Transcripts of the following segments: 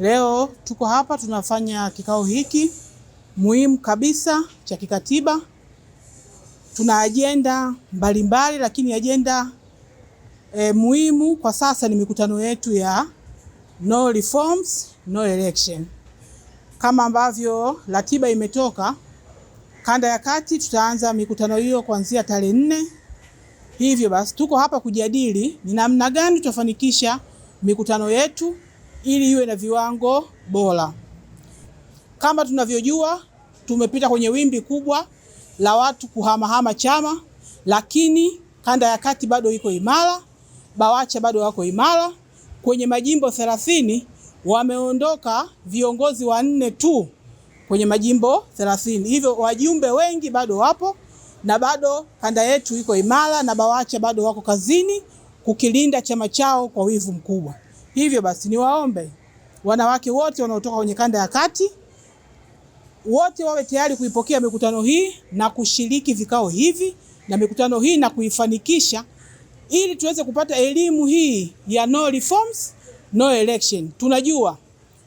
Leo tuko hapa tunafanya kikao hiki muhimu kabisa cha kikatiba. Tuna ajenda mbalimbali, lakini ajenda e, muhimu kwa sasa ni mikutano yetu ya no reforms, no election. Kama ambavyo ratiba imetoka kanda ya kati, tutaanza mikutano hiyo kuanzia tarehe nne. Hivyo basi tuko hapa kujadili ni namna gani tutafanikisha mikutano yetu ili iwe na viwango bora. Kama tunavyojua, tumepita kwenye wimbi kubwa la watu kuhamahama chama, lakini kanda ya kati bado iko imara, BAWACHA bado wako imara. Kwenye majimbo 30 wameondoka viongozi wanne tu kwenye majimbo 30. hivyo wajumbe wengi bado wapo na bado kanda yetu iko imara na BAWACHA bado wako kazini kukilinda chama chao kwa wivu mkubwa. Hivyo basi niwaombe wanawake wote wanaotoka kwenye kanda ya kati wote wawe tayari kuipokea mikutano hii na kushiriki vikao hivi na mikutano hii na kuifanikisha ili tuweze kupata elimu hii ya no reforms, no election. Tunajua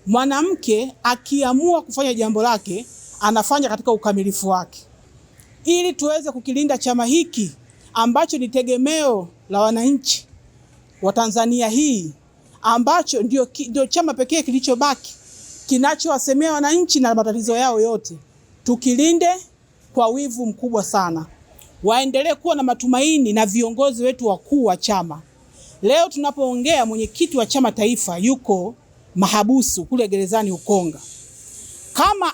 mwanamke akiamua kufanya jambo lake anafanya katika ukamilifu wake, ili tuweze kukilinda chama hiki ambacho ni tegemeo la wananchi wa Tanzania hii ambacho ndio, ndio chama pekee kilichobaki kinachowasemea wananchi na matatizo yao yote. Tukilinde kwa wivu mkubwa sana. Waendelee kuwa na matumaini na viongozi wetu wakuu wa chama. Leo tunapoongea mwenyekiti wa chama taifa yuko mahabusu kule gerezani Ukonga. Kama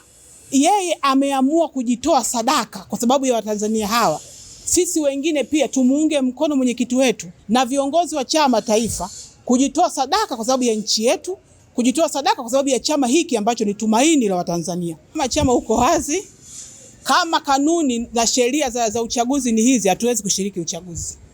yeye ameamua kujitoa sadaka kwa sababu ya Watanzania hawa, sisi wengine pia tumuunge mkono mwenyekiti wetu na viongozi wa chama taifa kujitoa sadaka kwa sababu ya nchi yetu, kujitoa sadaka kwa sababu ya chama hiki ambacho ni tumaini la Watanzania. Kama chama uko wazi, kama kanuni na sheria za, za uchaguzi ni hizi, hatuwezi kushiriki uchaguzi.